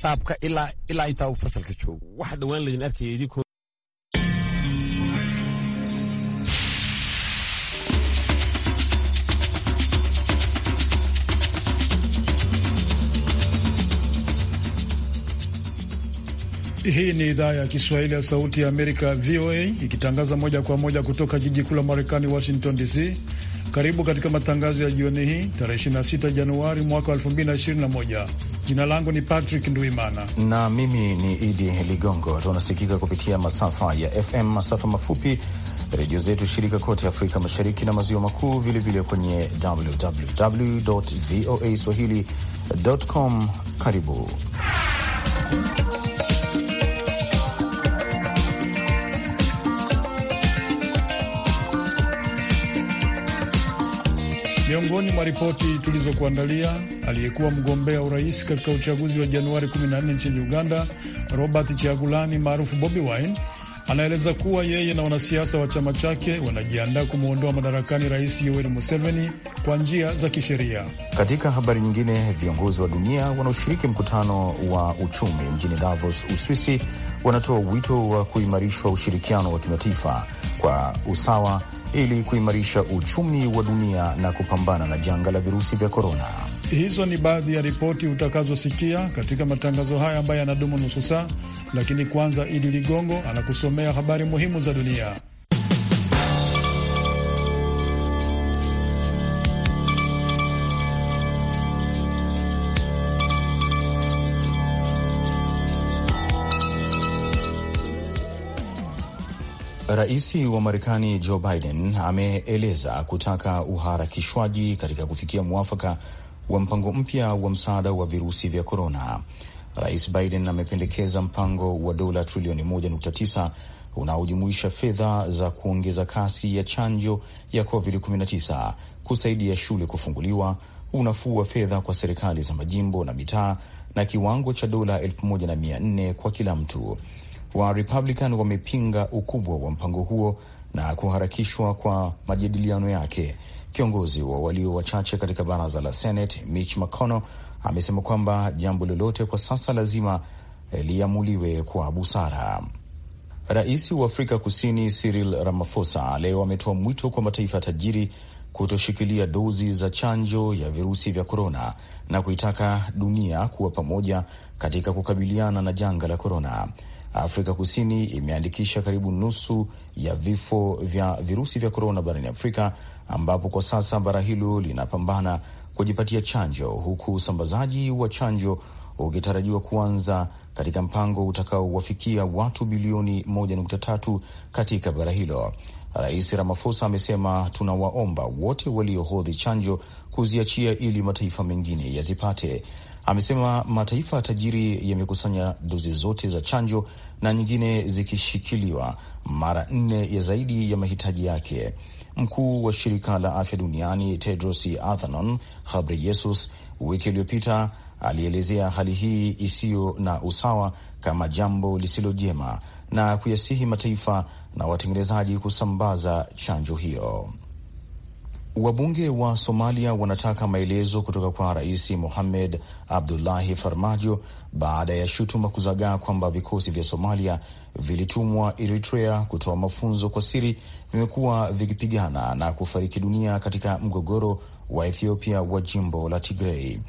xisaabka ilaa ilaa intaa uu fasalka joogo wax dhawaan laydin arkaya idinkoo Hii ni idhaa ya Kiswahili ya Sauti ya Amerika, VOA, ikitangaza moja kwa moja kutoka jiji kuu la Marekani, Washington DC. Karibu katika matangazo ya jioni hii tarehe 26 Januari mwaka 2021. Jina langu ni Patrick Ndwimana na mimi ni Idi Ligongo. Tunasikika kupitia masafa ya FM, masafa mafupi, redio zetu shirika kote Afrika Mashariki na Maziwa Makuu, vilevile kwenye www voa swahili com. Karibu Miongoni mwa ripoti tulizokuandalia, aliyekuwa mgombea urais katika uchaguzi wa Januari 14 nchini Uganda, Robert Kyagulanyi maarufu Bobi Wine anaeleza kuwa yeye na wanasiasa wa chama chake wanajiandaa kumwondoa madarakani rais Yoweri Museveni kwa njia za kisheria. Katika habari nyingine, viongozi wa dunia wanaoshiriki mkutano wa uchumi mjini Davos, Uswisi, wanatoa wito wa kuimarishwa ushirikiano wa kimataifa kwa usawa ili kuimarisha uchumi wa dunia na kupambana na janga la virusi vya korona. Hizo ni baadhi ya ripoti utakazosikia katika matangazo haya ambayo yanadumu nusu saa, lakini kwanza Idi Ligongo anakusomea habari muhimu za dunia. Rais wa Marekani Joe Biden ameeleza kutaka uharakishwaji katika kufikia mwafaka wa mpango mpya wa msaada wa virusi vya korona. Rais Biden amependekeza mpango wa dola trilioni 1.9 unaojumuisha fedha za kuongeza kasi ya chanjo ya COVID-19, kusaidia shule kufunguliwa, unafuu wa fedha kwa serikali za majimbo na mitaa, na kiwango cha dola 14 kwa kila mtu wa Republican wamepinga ukubwa wa mpango huo na kuharakishwa kwa majadiliano yake. Kiongozi wa walio wachache katika baraza la Senate Mitch McConnell amesema kwamba jambo lolote kwa sasa lazima eh, liamuliwe kwa busara. Rais wa Afrika Kusini Cyril Ramaphosa leo ametoa mwito kwa mataifa tajiri kutoshikilia dozi za chanjo ya virusi vya korona na kuitaka dunia kuwa pamoja katika kukabiliana na janga la korona. Afrika Kusini imeandikisha karibu nusu ya vifo vya virusi vya korona barani Afrika, ambapo kwa sasa bara hilo linapambana kujipatia chanjo, huku usambazaji wa chanjo ukitarajiwa kuanza katika mpango utakaowafikia watu bilioni 1.3 katika bara hilo. Rais Ramaphosa amesema, tunawaomba wote waliohodhi chanjo kuziachia ili mataifa mengine yazipate. Amesema mataifa tajiri yamekusanya dozi zote za chanjo na nyingine zikishikiliwa mara nne ya zaidi ya mahitaji yake. Mkuu wa shirika la afya duniani Tedros Adhanom Ghebreyesus wiki iliyopita alielezea hali hii isiyo na usawa kama jambo lisilo jema na kuyasihi mataifa na watengenezaji kusambaza chanjo hiyo. Wabunge wa Somalia wanataka maelezo kutoka kwa Rais Mohamed Abdullahi Farmajo baada ya shutuma kuzagaa kwamba vikosi vya Somalia vilitumwa Eritrea kutoa mafunzo kwa siri vimekuwa vikipigana na kufariki dunia katika mgogoro wa Ethiopia wa jimbo la Tigrei.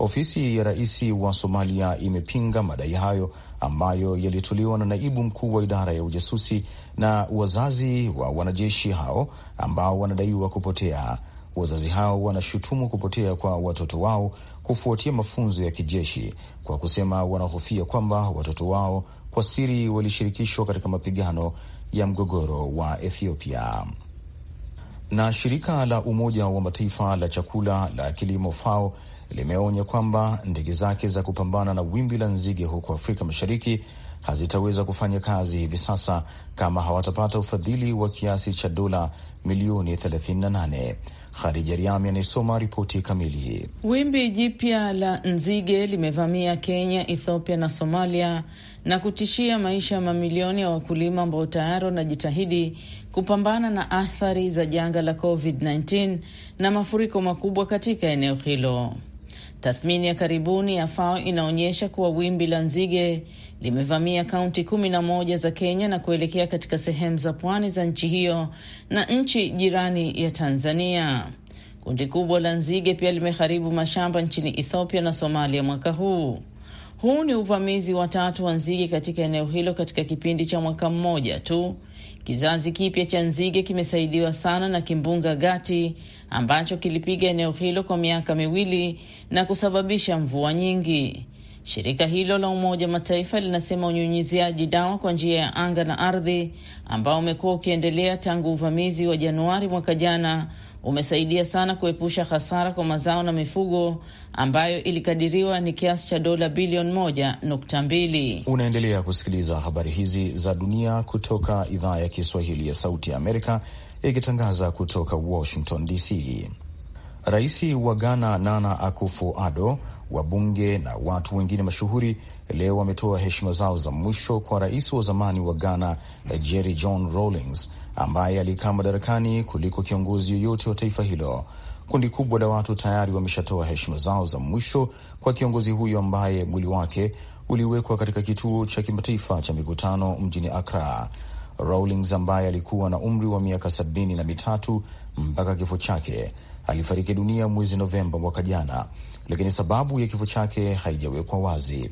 Ofisi ya rais wa Somalia imepinga madai hayo ambayo yalitolewa na naibu mkuu wa idara ya ujasusi na wazazi wa wanajeshi hao ambao wanadaiwa kupotea. Wazazi hao wanashutumu kupotea kwa watoto wao kufuatia mafunzo ya kijeshi, kwa kusema wanahofia kwamba watoto wao kwa siri walishirikishwa katika mapigano ya mgogoro wa Ethiopia. Na shirika la Umoja wa Mataifa la chakula la kilimo FAO limeonya kwamba ndege zake za kupambana na wimbi la nzige huko Afrika Mashariki hazitaweza kufanya kazi hivi sasa kama hawatapata ufadhili wa kiasi cha dola milioni 38. Khadija Riami anayesoma ripoti kamili. Wimbi jipya la nzige limevamia Kenya, Ethiopia na Somalia na kutishia maisha ya mamilioni ya wakulima ambao tayari wanajitahidi kupambana na athari za janga la COVID-19 na mafuriko makubwa katika eneo hilo. Tathmini ya karibuni ya FAO inaonyesha kuwa wimbi la nzige limevamia kaunti kumi na moja za Kenya na kuelekea katika sehemu za pwani za nchi hiyo na nchi jirani ya Tanzania. Kundi kubwa la nzige pia limeharibu mashamba nchini Ethiopia na Somalia mwaka huu. Huu ni uvamizi wa tatu wa nzige katika eneo hilo katika kipindi cha mwaka mmoja tu. Kizazi kipya cha nzige kimesaidiwa sana na kimbunga Gati ambacho kilipiga eneo hilo kwa miaka miwili na kusababisha mvua nyingi. Shirika hilo la Umoja Mataifa linasema unyunyiziaji dawa kwa njia ya anga na ardhi ambao umekuwa ukiendelea tangu uvamizi wa Januari mwaka jana umesaidia sana kuepusha hasara kwa mazao na mifugo ambayo ilikadiriwa ni kiasi cha dola bilioni moja nukta mbili. Unaendelea kusikiliza habari hizi za dunia kutoka idhaa ya Kiswahili ya Sauti ya Amerika ikitangaza kutoka Washington DC. Rais wa Ghana Nana Akufu Ado, wabunge na watu wengine mashuhuri leo wametoa heshima zao za mwisho kwa rais wa zamani wa Ghana Jerry John Rawlings ambaye alikaa madarakani kuliko kiongozi yoyote wa taifa hilo. Kundi kubwa la watu tayari wameshatoa heshima zao za mwisho kwa kiongozi huyo ambaye mwili wake uliwekwa katika kituo cha kimataifa cha mikutano mjini akra Rawlings ambaye alikuwa na umri wa miaka sabini na mitatu mpaka kifo chake alifariki dunia mwezi Novemba mwaka jana, lakini sababu ya kifo chake haijawekwa wazi.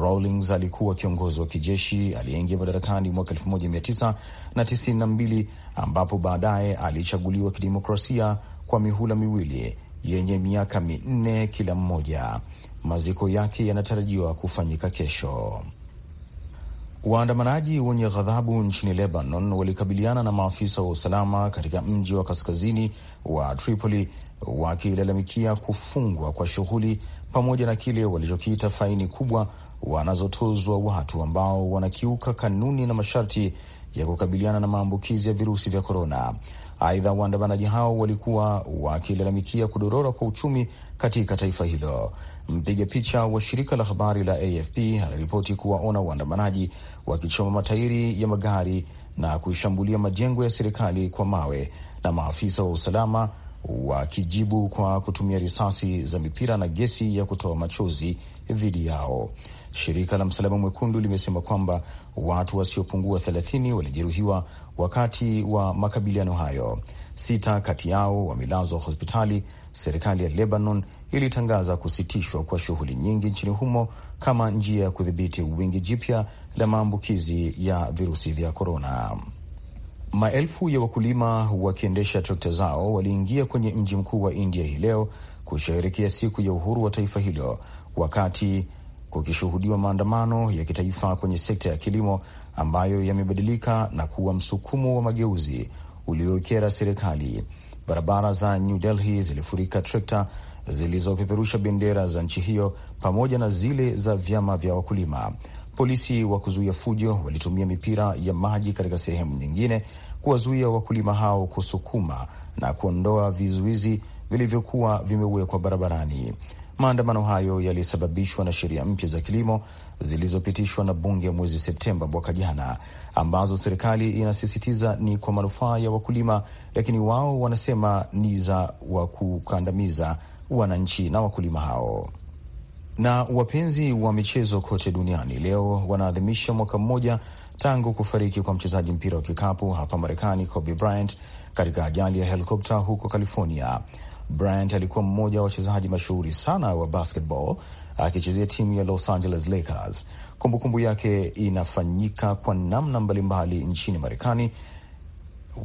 Rawlings alikuwa kiongozi wa kijeshi aliyeingia madarakani mwaka na mbili ambapo baadaye alichaguliwa kidemokrasia kwa mihula miwili yenye miaka minne kila mmoja. Maziko yake yanatarajiwa kufanyika kesho. Waandamanaji wenye ghadhabu nchini Lebanon walikabiliana na maafisa wa usalama katika mji wa kaskazini wa Tripoli wakilalamikia kufungwa kwa shughuli pamoja na kile walichokiita faini kubwa wanazotozwa watu ambao wanakiuka kanuni na masharti ya kukabiliana na maambukizi ya virusi vya korona. Aidha, waandamanaji hao walikuwa wakilalamikia kudorora kwa uchumi katika taifa hilo. Mpiga picha wa shirika la habari la AFP anaripoti kuwaona waandamanaji wakichoma matairi ya magari na kushambulia majengo ya serikali kwa mawe na maafisa wa usalama wakijibu kwa kutumia risasi za mipira na gesi ya kutoa machozi dhidi yao. Shirika la Msalaba Mwekundu limesema kwamba watu wasiopungua 30 walijeruhiwa wakati wa makabiliano hayo. Sita kati yao wamelazwa hospitali. Serikali ya Lebanon ilitangaza kusitishwa kwa shughuli nyingi nchini humo kama njia ya kudhibiti wingi jipya la maambukizi ya virusi vya korona. Maelfu ya wakulima wakiendesha trekta zao waliingia kwenye mji mkuu wa India hii leo kusherekea siku ya uhuru wa taifa hilo, wakati kukishuhudiwa maandamano ya kitaifa kwenye sekta ya kilimo ambayo yamebadilika na kuwa msukumo wa mageuzi uliokera serikali. Barabara za New Delhi zilifurika trekta zilizopeperusha bendera za nchi hiyo pamoja na zile za vyama vya wakulima. Polisi wa kuzuia fujo walitumia mipira ya maji katika sehemu nyingine kuwazuia wakulima hao kusukuma na kuondoa vizuizi vilivyokuwa vimewekwa barabarani. Maandamano hayo yalisababishwa na sheria mpya za kilimo zilizopitishwa na bunge mwezi Septemba mwaka jana, ambazo serikali inasisitiza ni kwa manufaa ya wakulima, lakini wao wanasema ni za wa kukandamiza wananchi na wakulima hao. Na wapenzi wa michezo kote duniani leo wanaadhimisha mwaka mmoja tangu kufariki kwa mchezaji mpira wa kikapu hapa Marekani Kobe Bryant katika ajali ya helikopta huko California. Bryant alikuwa mmoja wa wachezaji mashuhuri sana wa basketball akichezea timu ya Los Angeles Lakers. Kumbukumbu yake inafanyika kwa namna mbalimbali nchini Marekani,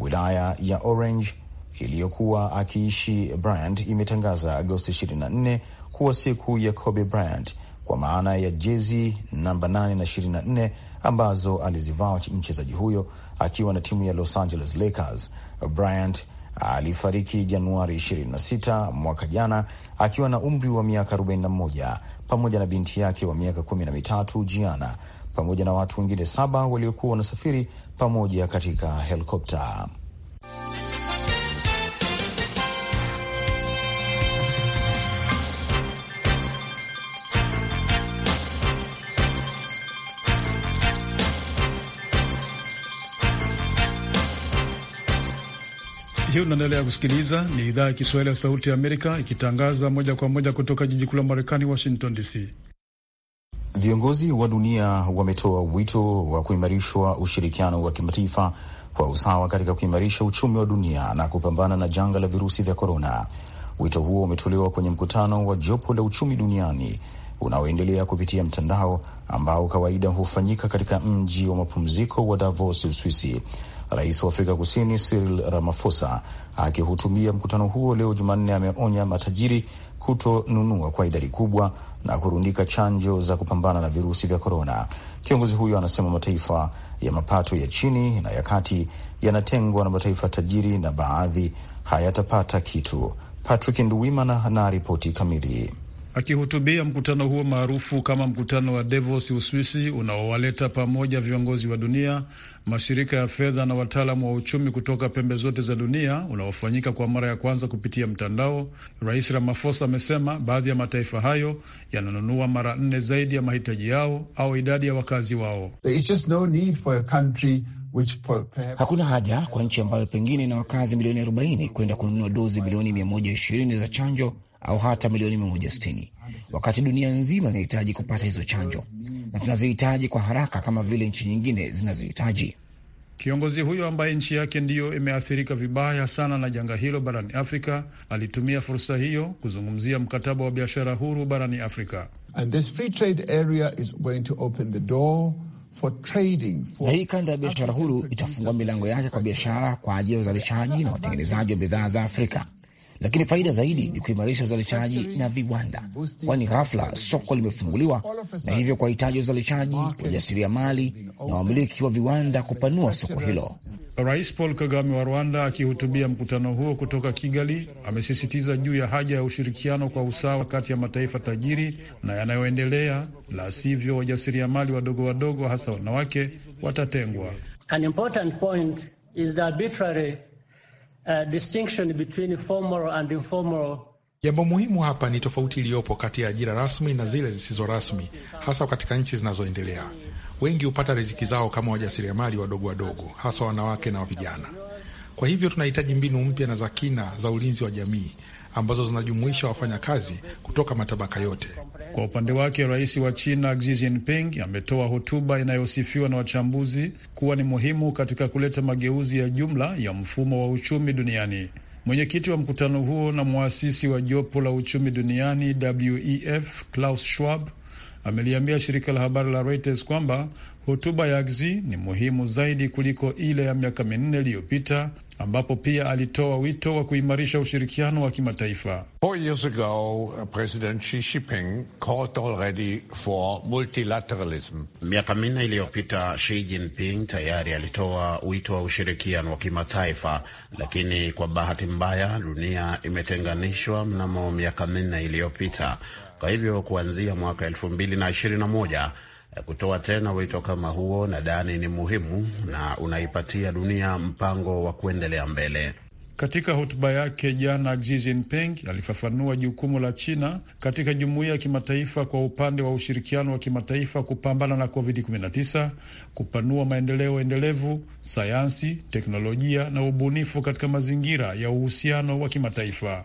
wilaya ya Orange iliyokuwa akiishi Bryant imetangaza Agosti 24 kuwa siku ya Kobe Bryant kwa maana ya jezi namba 8 na 24 ambazo alizivaa mchezaji huyo akiwa na timu ya Los Angeles Lakers. Bryant alifariki Januari 26 mwaka jana akiwa na umri wa miaka 41 pamoja na binti yake wa miaka kumi na mitatu Gianna pamoja na watu wengine saba waliokuwa wanasafiri pamoja katika helikopta. Hii unaendelea kusikiliza, ni idhaa ya Kiswahili ya Sauti ya Amerika ikitangaza moja kwa moja kutoka jiji kuu la Marekani, Washington DC. Viongozi wa dunia wametoa wito wa kuimarishwa ushirikiano wa kimataifa kwa usawa katika kuimarisha uchumi wa dunia na kupambana na janga la virusi vya korona. Wito huo umetolewa kwenye mkutano wa jopo la uchumi duniani unaoendelea kupitia mtandao ambao kawaida hufanyika katika mji wa mapumziko wa Davos, Uswisi. Rais wa Afrika Kusini Cyril Ramaphosa akihutumia mkutano huo leo Jumanne ameonya matajiri kutonunua kwa idadi kubwa na kurundika chanjo za kupambana na virusi vya korona. Kiongozi huyo anasema mataifa ya mapato ya chini na ya kati yanatengwa na mataifa tajiri na baadhi hayatapata kitu. Patrick Nduwimana na ripoti kamili. Akihutubia mkutano huo maarufu kama mkutano wa Davos Uswisi, unaowaleta pamoja viongozi wa dunia, mashirika ya fedha na wataalamu wa uchumi kutoka pembe zote za dunia, unaofanyika kwa mara ya kwanza kupitia mtandao, Rais Ramaphosa amesema baadhi ya mataifa hayo yananunua mara nne zaidi ya mahitaji yao au idadi ya wakazi wao. There is just no need for a country which perhaps... hakuna haja kwa nchi ambayo pengine ina wakazi milioni 40 kwenda kununua dozi bilioni 120 za chanjo au hata milioni 160 wakati dunia nzima inahitaji kupata hizo chanjo na tunazihitaji kwa haraka kama vile nchi nyingine zinazohitaji. Kiongozi huyo ambaye nchi yake ndiyo imeathirika vibaya sana na janga hilo barani Afrika alitumia fursa hiyo kuzungumzia mkataba wa biashara huru barani Afrika. Na hii kanda ya biashara huru itafungua milango yake kwa biashara kwa ajili ya uzalishaji na watengenezaji wa bidhaa za Afrika lakini faida zaidi ni kuimarisha uzalishaji na viwanda, kwani ghafla soko limefunguliwa na hivyo kuwahitaji uzalishaji, wajasiriamali na wamiliki wa viwanda kupanua soko hilo. Rais Paul Kagame wa Rwanda akihutubia mkutano huo kutoka Kigali amesisitiza juu ya haja ya ushirikiano kwa usawa kati ya mataifa tajiri na yanayoendelea, la sivyo wajasiriamali wadogo wadogo, hasa wanawake, watatengwa. An important point is the arbitrary Uh, distinction between formal and informal. Jambo muhimu hapa ni tofauti iliyopo kati ya ajira rasmi na zile zisizo rasmi, hasa katika nchi zinazoendelea. Wengi hupata riziki zao kama wajasiriamali wadogo wadogo, hasa wanawake na vijana. Kwa hivyo tunahitaji mbinu mpya na za kina za ulinzi wa jamii ambazo zinajumuisha wafanyakazi kutoka matabaka yote. Kwa upande wake, rais wa China Xi Jinping ametoa hotuba inayosifiwa na wachambuzi kuwa ni muhimu katika kuleta mageuzi ya jumla ya mfumo wa uchumi duniani. Mwenyekiti wa mkutano huo na mwasisi wa jopo la uchumi duniani WEF Klaus Schwab ameliambia shirika la habari la Reuters kwamba hotuba ya Xi ni muhimu zaidi kuliko ile ya miaka minne iliyopita ambapo pia alitoa wito wa kuimarisha ushirikiano wa kimataifa. Miaka minne iliyopita Xi Jinping tayari alitoa wito wa ushirikiano wa kimataifa, lakini kwa bahati mbaya dunia imetenganishwa mnamo miaka minne iliyopita. Kwa hivyo kuanzia mwaka elfu mbili na ishirini na moja Eh, kutoa tena wito kama huo nadhani ni muhimu na unaipatia dunia mpango wa kuendelea mbele. Katika hotuba yake jana, Xi Jinping alifafanua jukumu la China katika jumuiya ya kimataifa kwa upande wa ushirikiano wa kimataifa kupambana na COVID-19, kupanua maendeleo endelevu, sayansi, teknolojia na ubunifu katika mazingira ya uhusiano wa kimataifa.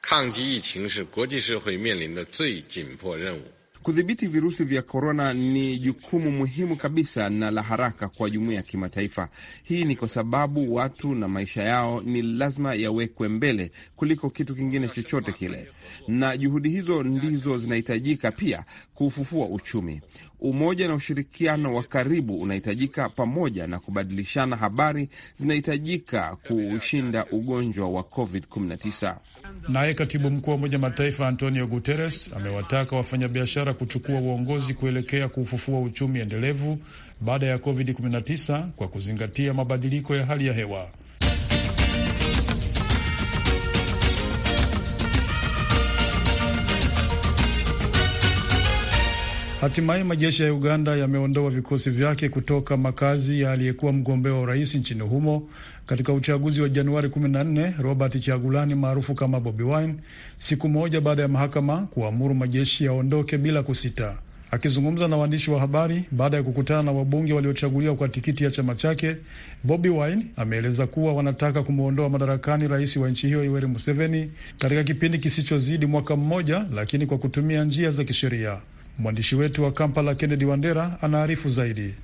kanji iching shi guoji shihui mianlin de zui jinpo renwu Kudhibiti virusi vya korona ni jukumu muhimu kabisa na la haraka kwa jumuiya ya kimataifa. Hii ni kwa sababu watu na maisha yao ni lazima yawekwe mbele kuliko kitu kingine chochote kile na juhudi hizo ndizo zinahitajika pia kufufua uchumi. Umoja na ushirikiano wa karibu unahitajika, pamoja na kubadilishana habari zinahitajika kuushinda ugonjwa wa COVID-19. Naye katibu mkuu wa Umoja Mataifa Antonio Guterres amewataka wafanyabiashara kuchukua uongozi kuelekea kufufua uchumi endelevu baada ya COVID-19 kwa kuzingatia mabadiliko ya hali ya hewa. Hatimaye majeshi ya Uganda yameondoa vikosi vyake kutoka makazi ya aliyekuwa mgombea wa urais nchini humo katika uchaguzi wa Januari 14 Robert Chagulani maarufu kama Bobi Wine, siku moja baada ya mahakama kuamuru majeshi yaondoke bila kusita. Akizungumza na waandishi wa habari baada ya kukutana na wabunge waliochaguliwa kwa tikiti ya chama chake, Bobi Wine ameeleza kuwa wanataka kumwondoa madarakani rais wa nchi hiyo Yoweri Museveni katika kipindi kisichozidi mwaka mmoja, lakini kwa kutumia njia za kisheria. Mwandishi wetu wa Kampala, Kennedy Wandera, anaarifu zaidi.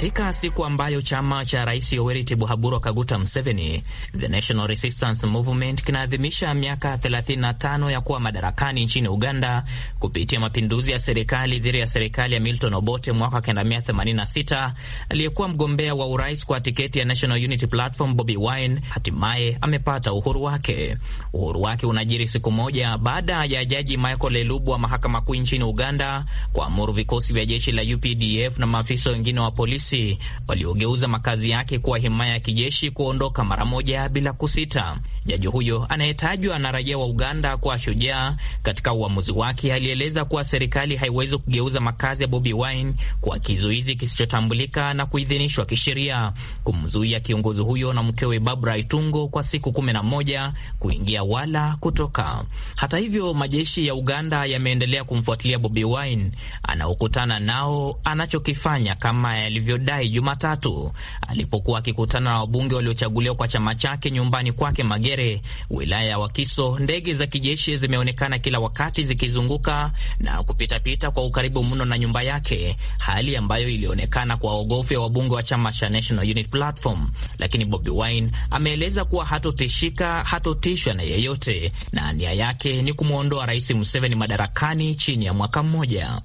Katika siku ambayo chama cha Rais Yoweri Tibuhaburwa Kaguta Museveni, The National Resistance Movement, kinaadhimisha miaka 35 ya kuwa madarakani nchini Uganda kupitia mapinduzi ya serikali dhidi ya serikali ya Milton Obote mwaka 1986, aliyekuwa mgombea wa urais kwa tiketi ya National Unity Platform Bobi Wine hatimaye amepata uhuru wake. Uhuru wake unajiri siku moja baada ya jaji Michael Elubu wa mahakama kuu nchini Uganda kuamuru vikosi vya jeshi la UPDF na maafisa wengine wa polisi waasi waliogeuza makazi yake kuwa himaya ya kijeshi kuondoka mara moja bila kusita. Jaji huyo anayetajwa na raia wa Uganda kuwa shujaa, katika uamuzi wake alieleza kuwa serikali haiwezi kugeuza makazi ya Bobi Wine kuwa kizuizi kisichotambulika na kuidhinishwa kisheria, kumzuia kiongozi huyo na mkewe Barbara Itungo kwa siku kumi na moja kuingia wala kutoka. Hata hivyo, majeshi ya Uganda yameendelea kumfuatilia Bobi Wine anaokutana nao, anachokifanya kama yalivyo aliyodai Jumatatu alipokuwa akikutana na wabunge waliochaguliwa kwa chama chake nyumbani kwake Magere, wilaya ya Wakiso. Ndege za kijeshi zimeonekana kila wakati zikizunguka na kupitapita kwa ukaribu mno na nyumba yake, hali ambayo ilionekana kwa ogofu ya wabunge wa chama cha National Platform. Lakini Bobi Wine ameeleza kuwa hatotishika, hatotishwa na yeyote, na nia yake ni kumwondoa Rais Museveni madarakani chini ya mwaka mmoja.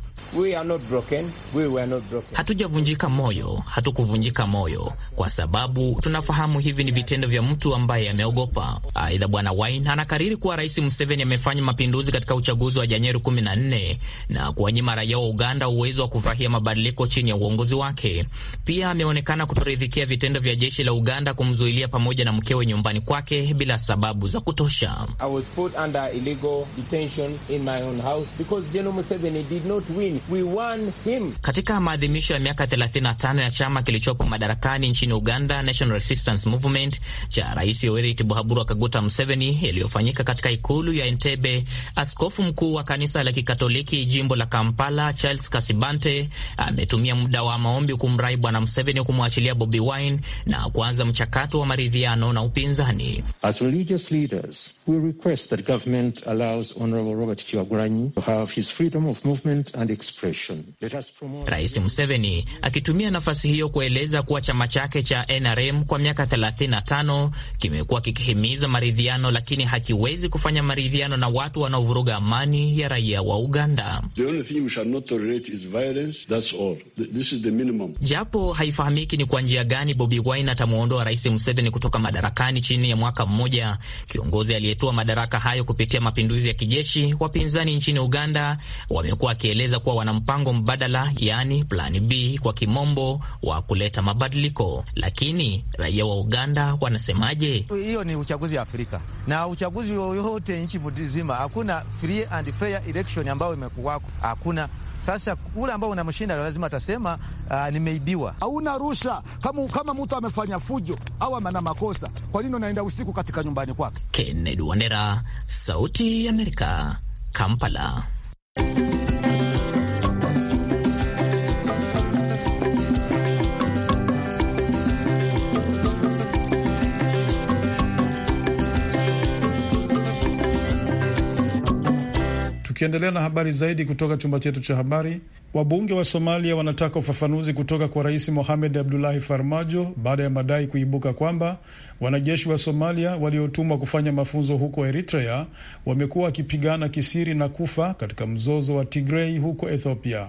Hatujavunjika moyo, hatukuvunjika moyo, kwa sababu tunafahamu hivi ni vitendo vya mtu ambaye ameogopa. Aidha, Bwana Wine anakariri kuwa Rais Museveni amefanya mapinduzi katika uchaguzi wa Januari 14 na kuwanyima raia wa Uganda uwezo wa kufurahia mabadiliko chini ya uongozi wake. Pia ameonekana kutoridhikia vitendo vya jeshi la Uganda kumzuilia pamoja na mkewe nyumbani kwake bila sababu za kutosha. I was put under illegal detention in my own house because General Museveni did not win. We him. Katika maadhimisho ya miaka 35 ya chama kilichopo madarakani nchini Uganda, National Resistance Movement cha Rais Yoweri Tibuhaburwa Kaguta Museveni, yaliyofanyika katika ikulu ya Entebbe, askofu mkuu wa kanisa la Kikatoliki jimbo la Kampala Charles Kasibante ametumia muda wa maombi kumrai Bwana Museveni kumwachilia Bobi Wine na kuanza mchakato wa maridhiano na upinzani. As religious leaders, we request that government allows Honorable Robert to have his freedom of movement and Rais Museveni akitumia nafasi hiyo kueleza kuwa chama chake cha NRM kwa miaka 35 kimekuwa kikihimiza maridhiano, lakini hakiwezi kufanya maridhiano na watu wanaovuruga amani ya raia wa Uganda. Japo haifahamiki ni kwa njia gani Bobi Wine atamwondoa Rais Museveni kutoka madarakani chini ya mwaka mmoja, kiongozi aliyetoa madaraka hayo kupitia mapinduzi ya kijeshi, wapinzani nchini Uganda wamekuwa wakieleza kuwa wana mpango mbadala, yaani plani B kwa kimombo, wa kuleta mabadiliko. Lakini raia wa Uganda wanasemaje? Hiyo ni uchaguzi ya Afrika na uchaguzi wowote nchi mzima, hakuna free and fair election ambayo imekuwako, hakuna sasa ule ambao unamshinda lazima atasema uh, nimeibiwa. Hauna rusha kama, kama mtu amefanya fujo au ana makosa, kwa nini unaenda usiku katika nyumbani kwake? Kennedy Wandera, Sauti ya Amerika, Kampala. Tukiendelea na habari zaidi kutoka chumba chetu cha habari, wabunge wa Somalia wanataka ufafanuzi kutoka kwa Rais Mohamed Abdullahi Farmajo baada ya madai kuibuka kwamba wanajeshi wa Somalia waliotumwa kufanya mafunzo huko Eritrea wamekuwa wakipigana kisiri na kufa katika mzozo wa Tigrei huko Ethiopia.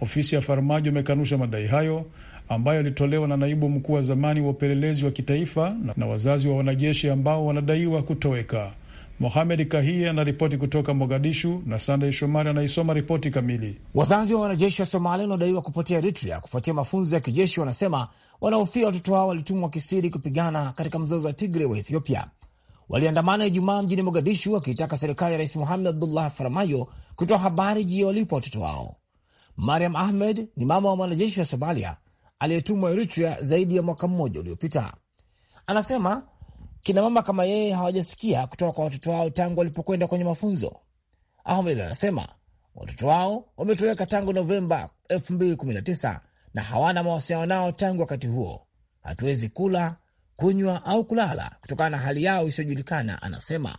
Ofisi ya Farmajo imekanusha madai hayo ambayo yalitolewa na naibu mkuu wa zamani wa upelelezi wa kitaifa na wazazi wa wanajeshi ambao wanadaiwa kutoweka. Mohamed kahii anaripoti kutoka Mogadishu na Sandey Shomari anaisoma ripoti kamili. Wazazi wa wanajeshi wa Somalia wanaodaiwa kupotea Eritrea kufuatia mafunzo ya kijeshi wanasema wanahofia watoto hao walitumwa kisiri kupigana katika mzozo wa Tigre wa Ethiopia. Waliandamana Ijumaa mjini Mogadishu wakiitaka serikali ya Rais Mohamed Abdullah Farmayo kutoa habari juu ya walipo watoto wao. Mariam Ahmed ni mama wa mwanajeshi wa Somalia aliyetumwa Eritrea zaidi ya mwaka mmoja uliopita, anasema Kina mama kama yeye hawajasikia kutoka kwa watoto wao tangu walipokwenda kwenye mafunzo. Ahmed anasema watoto wao wametoweka tangu Novemba 2019 na hawana mawasiliano nao tangu wakati huo. Hatuwezi kula, kunywa au kulala kutokana na hali yao isiyojulikana, anasema.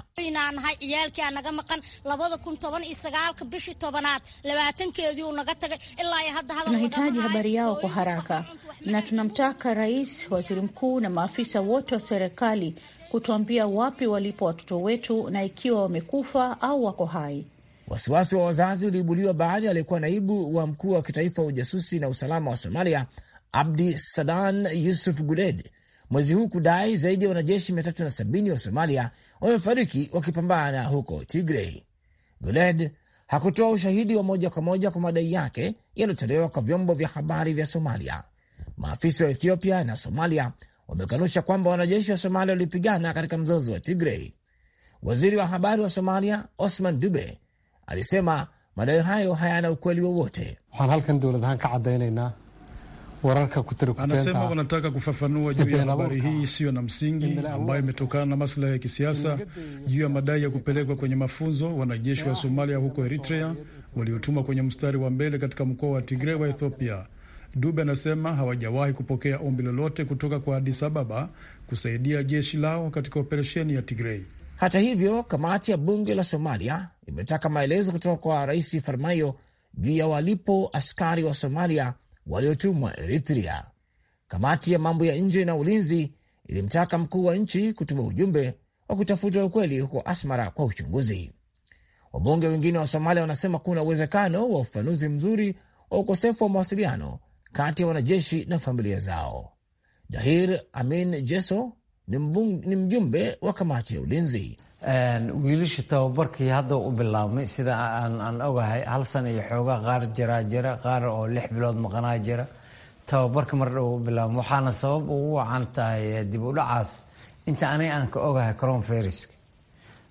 Tunahitaji habari yao kwa haraka, na tunamtaka rais, waziri mkuu na maafisa wote wa serikali kutuambia wapi walipo watoto wetu na ikiwa wamekufa au wako hai. Wasiwasi wa wazazi uliibuliwa baada ya aliyekuwa naibu wa mkuu wa kitaifa wa ujasusi na usalama wa Somalia Abdi Sadan Yusuf Guled mwezi huu kudai zaidi ya wanajeshi 370 wa Somalia wamefariki wakipambana huko Tigrey. Guled hakutoa ushahidi wa moja kwa moja kwa madai yake yaliyotolewa kwa vyombo vya habari vya Somalia. Maafisa wa Ethiopia na Somalia wamekanusha kwamba wanajeshi wa Somalia walipigana katika mzozo wa Tigrey. Waziri wa habari wa Somalia Osman Dube alisema madai hayo hayana ukweli wowote. Anasema wanataka kufafanua juu ya habari hii isiyo na msingi ambayo imetokana na maslahi ya kisiasa juu ya madai ya kupelekwa kwenye mafunzo wanajeshi wa Somalia huko Eritrea waliotumwa kwenye mstari wa mbele katika mkoa wa Tigre wa Ethiopia. Dube anasema hawajawahi kupokea ombi lolote kutoka kwa Addis Ababa kusaidia jeshi lao katika operesheni ya Tigrei. Hata hivyo, kamati ya bunge la Somalia imetaka maelezo kutoka kwa Rais Farmayo juu ya walipo askari wa Somalia waliotumwa Eritrea. Kamati ya mambo ya nje na ulinzi ilimtaka mkuu wa nchi kutuma ujumbe wa kutafuta ukweli huko Asmara kwa uchunguzi. Wabunge wengine wa Somalia wanasema kuna uwezekano wa ufanuzi mzuri wa ukosefu wa mawasiliano kati ya wanajeshi na familia zao. Dahir Amin Jeso ni, mbung, mjumbe wa kamati ya ulinzi. wiilashu tababarkii hadda u bilaabmay sida aan ogahay hal sana iyo xoogaa qaar jiraa jira qaar oo lix bilood maqanaa jira tababarka mar dhow u bilaabma waxaana sabab ugu wacan tahay eh, dib u dhacaas inta anay aan ka ogahay cronferska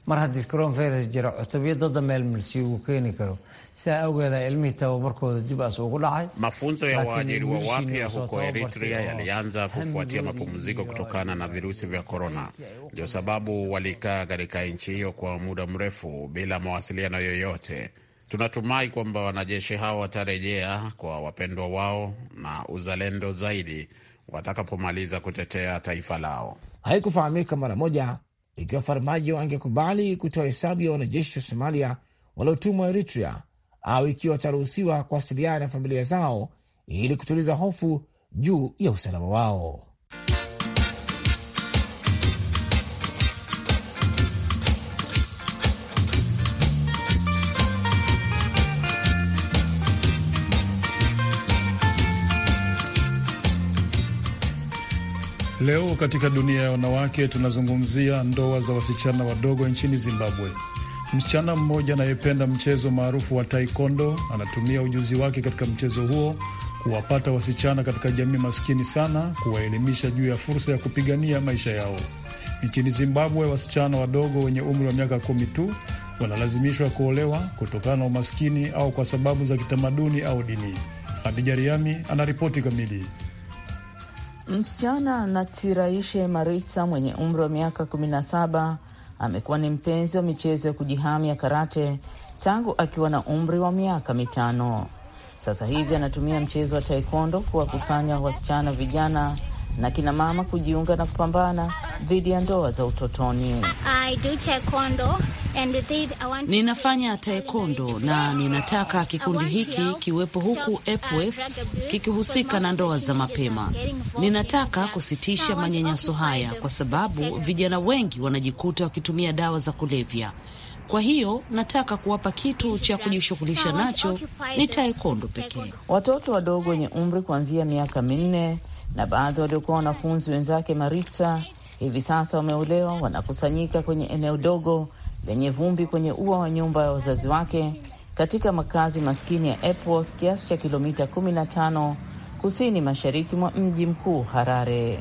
mar haddii scron coronavirus jira cutubyo dadda meel milsi uu keeni karo sidaa awgeeda ilmihii tababarkooda dib as ugu dhacay. Mafunzo ya waajiri wa wapya huko eritria yalianza kufuatia mapumziko kutokana na virusi vya korona. Ndio sababu walikaa katika nchi hiyo kwa muda mrefu bila mawasiliano yoyote. Tunatumai kwamba wanajeshi hao watarejea kwa wapendwa wao na uzalendo zaidi watakapomaliza kutetea taifa lao. Haikufahamika mara moja ikiwa Farmajo angekubali kutoa hesabu ya wanajeshi wa Somalia waliotumwa Eritrea au ikiwa wataruhusiwa kuwasiliana na familia zao ili kutuliza hofu juu ya usalama wao. Leo katika dunia ya wanawake tunazungumzia ndoa za wasichana wadogo nchini Zimbabwe. Msichana mmoja anayependa mchezo maarufu wa taekwondo anatumia ujuzi wake katika mchezo huo kuwapata wasichana katika jamii maskini sana, kuwaelimisha juu ya fursa ya kupigania maisha yao. Nchini Zimbabwe, wasichana wadogo wenye umri wa miaka kumi tu wanalazimishwa kuolewa kutokana na umaskini au kwa sababu za kitamaduni au dini. Hadija Riami anaripoti kamili. Msichana Natiraishe Maritsa mwenye umri wa miaka 17 amekuwa ni mpenzi wa michezo ya kujihami ya karate tangu akiwa na umri wa miaka mitano. Sasa hivi anatumia mchezo wa taekwondo kuwakusanya wasichana vijana na kina mama kujiunga na kupambana dhidi ya ndoa za utotoni. Ninafanya taekwondo na ninataka kikundi hiki kiwepo huku Epworth kikihusika na ndoa za mapema. Ninataka kusitisha manyanyaso haya kwa sababu vijana wengi wanajikuta wakitumia dawa za kulevya. Kwa hiyo nataka kuwapa kitu cha kujishughulisha nacho, ni taekwondo pekee. Watoto wadogo wenye umri kuanzia miaka minne na baadhi waliokuwa wanafunzi wenzake Maritsa hivi sasa wameolewa, wanakusanyika kwenye eneo dogo lenye vumbi kwenye ua wa nyumba ya wazazi wake katika makazi maskini ya Epworth, kiasi cha kilomita 15 kusini mashariki mwa mji mkuu Harare.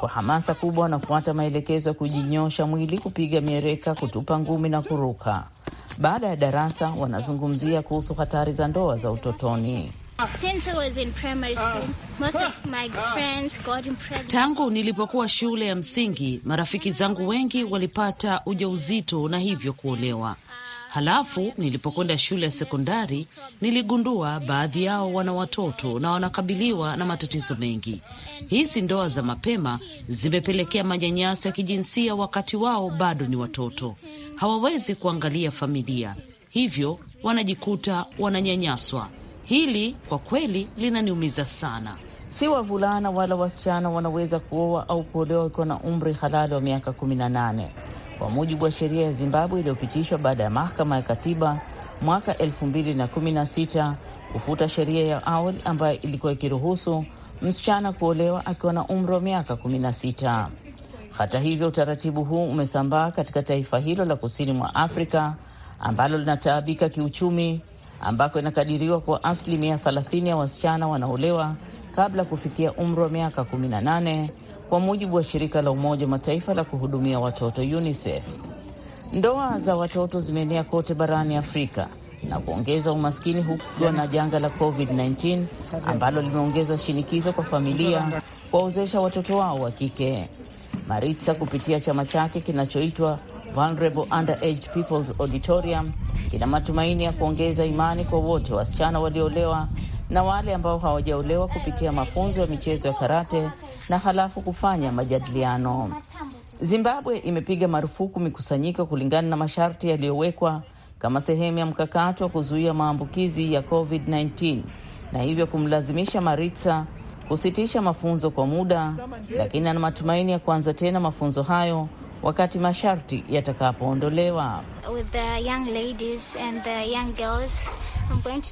Kwa hamasa kubwa, wanafuata maelekezo ya kujinyosha mwili, kupiga miereka, kutupa ngumi na kuruka. Baada ya darasa, wanazungumzia kuhusu hatari za ndoa za utotoni. Ah. Ah. Ah. Tangu nilipokuwa shule ya msingi, marafiki zangu wengi walipata ujauzito na hivyo kuolewa. Halafu nilipokwenda shule ya sekondari, niligundua baadhi yao wana watoto na wanakabiliwa na matatizo mengi. Hizi ndoa za mapema zimepelekea manyanyaso ya kijinsia wakati wao bado ni watoto, hawawezi kuangalia familia, hivyo wanajikuta wananyanyaswa. Hili kwa kweli linaniumiza sana. Si wavulana wala wasichana wanaweza kuoa au kuolewa wakiwa na umri halali wa miaka 18 kwa mujibu wa sheria ya Zimbabwe iliyopitishwa baada ya mahakama ya katiba mwaka 2016 kufuta sheria ya awali ambayo ilikuwa ikiruhusu msichana kuolewa akiwa na umri wa miaka 16. Hata hivyo, utaratibu huu umesambaa katika taifa hilo la kusini mwa Afrika ambalo linataabika kiuchumi ambako inakadiriwa asli asilimia 30 ya wasichana wanaolewa kabla ya kufikia umri wa miaka 18 kwa mujibu wa shirika la Umoja wa Mataifa la kuhudumia watoto UNICEF. Ndoa za watoto zimeenea kote barani Afrika na kuongeza umaskini huku kukiwa na janga la COVID-19 ambalo limeongeza shinikizo kwa familia kuwaozesha watoto wao wa kike. maritsa kupitia chama chake kinachoitwa Vulnerable Underage People's Auditorium kina matumaini ya kuongeza imani kwa wote, wasichana waliolewa na wale ambao hawajaolewa, kupitia mafunzo ya michezo ya karate na halafu kufanya majadiliano. Zimbabwe imepiga marufuku mikusanyiko kulingana na masharti yaliyowekwa kama sehemu ya mkakati wa kuzuia maambukizi ya COVID-19 na hivyo kumlazimisha Maritsa kusitisha mafunzo kwa muda, lakini ana matumaini ya kuanza tena mafunzo hayo wakati masharti yatakapoondolewa.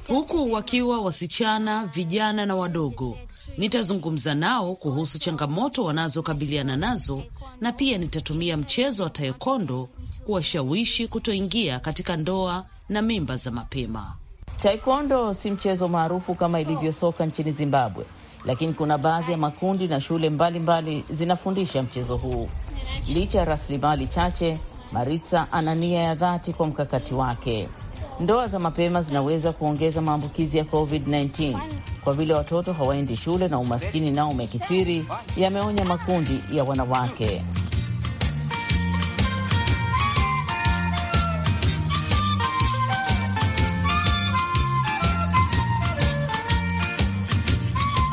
Huku wakiwa wasichana, vijana na wadogo, nitazungumza nao kuhusu changamoto wanazokabiliana nazo na pia nitatumia mchezo wa taekwondo kuwashawishi kutoingia katika ndoa na mimba za mapema. Taekwondo si mchezo maarufu kama ilivyo soka nchini Zimbabwe, lakini kuna baadhi ya makundi na shule mbalimbali mbali zinafundisha mchezo huu. Licha ya rasilimali chache, Maritsa ana nia ya dhati kwa mkakati wake. Ndoa za mapema zinaweza kuongeza maambukizi ya COVID-19 kwa vile watoto hawaendi shule na umaskini nao umekithiri, yameonya makundi ya wanawake.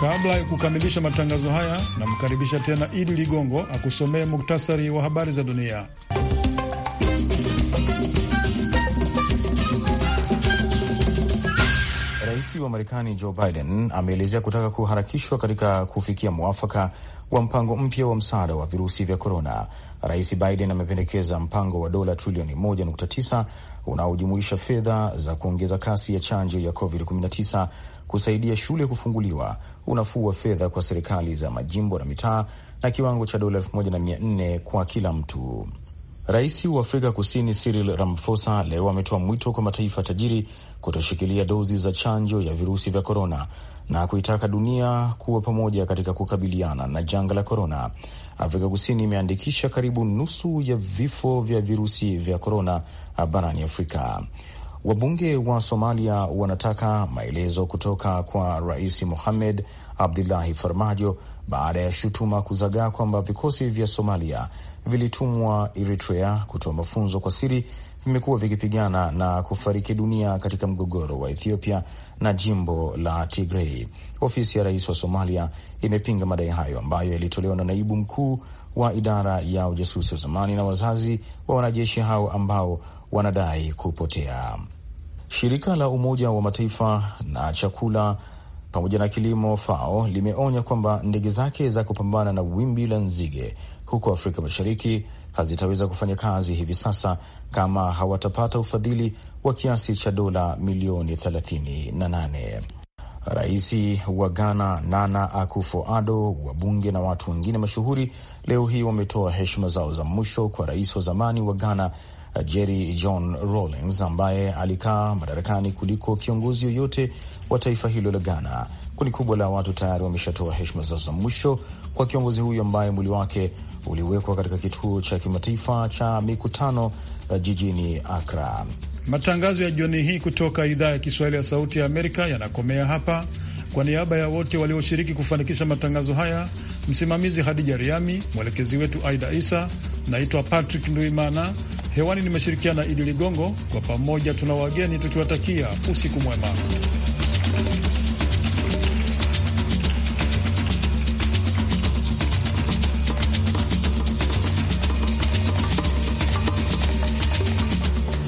Kabla ya kukamilisha matangazo haya, namkaribisha tena Idi Ligongo akusomee muktasari wa habari za dunia. Rais wa Marekani Joe Biden ameelezea kutaka kuharakishwa katika kufikia mwafaka wa mpango mpya wa msaada wa virusi vya korona. Rais Biden amependekeza mpango wa dola trilioni 1.9 unaojumuisha fedha za kuongeza kasi ya chanjo ya COVID-19 kusaidia shule kufunguliwa, unafuu wa fedha kwa serikali za majimbo na mitaa, na kiwango cha dola elfu moja na mia nne kwa kila mtu. Rais wa Afrika Kusini Cyril Ramaphosa leo ametoa mwito kwa mataifa tajiri kutoshikilia dozi za chanjo ya virusi vya korona na kuitaka dunia kuwa pamoja katika kukabiliana na janga la korona. Afrika Kusini imeandikisha karibu nusu ya vifo vya virusi vya korona barani Afrika. Wabunge wa Somalia wanataka maelezo kutoka kwa Rais Mohamed Abdullahi Farmajo baada ya shutuma kuzagaa kwamba vikosi vya Somalia vilitumwa Eritrea kutoa mafunzo kwa siri vimekuwa vikipigana na kufariki dunia katika mgogoro wa Ethiopia na jimbo la Tigrei. Ofisi ya rais wa Somalia imepinga madai hayo ambayo yalitolewa na naibu mkuu wa idara ya ujasusi wa zamani na wazazi wa wanajeshi hao ambao wanadai kupotea. Shirika la Umoja wa Mataifa na chakula pamoja na kilimo FAO limeonya kwamba ndege zake za kupambana na wimbi la nzige huko Afrika Mashariki hazitaweza kufanya kazi hivi sasa kama hawatapata ufadhili wa kiasi cha dola milioni 38. Rais wa Ghana Nana Akufo-Addo, wabunge na watu wengine mashuhuri leo hii wametoa heshima zao za mwisho kwa rais wa zamani wa Ghana Eh, Jerry John Rawlings ambaye alikaa madarakani kuliko kiongozi yoyote wa taifa hilo la Ghana. Kundi kubwa la watu tayari wameshatoa heshima zao za mwisho kwa kiongozi huyu ambaye mwili wake uliwekwa katika kituo cha kimataifa cha mikutano uh, jijini akra Matangazo ya jioni hii kutoka idhaa ya Kiswahili ya Sauti ya Amerika yanakomea hapa. Kwa niaba ya wote walioshiriki kufanikisha matangazo haya, msimamizi Hadija Riami, mwelekezi wetu Aida Isa, naitwa Patrick Nduimana. Hewani nimeshirikiana Idi Ligongo. Kwa pamoja tuna wageni tukiwatakia usiku mwema.